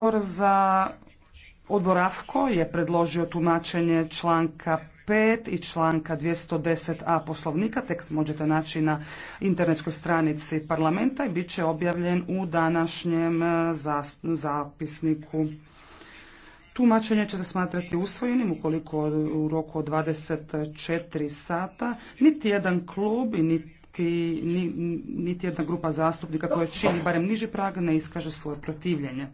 Odbor za odbor AFKO je predložio tumačenje članka 5 i članka 210a poslovnika. Tekst možete naći na internetskoj stranici parlamenta i bit će objavljen u današnjem e, zapisniku. Tumačenje će se smatrati usvojenim ukoliko u roku od 24 sata niti jedan klub i niti niti jedna grupa zastupnika koja čini barem niži prag ne iskaže svoje protivljenje.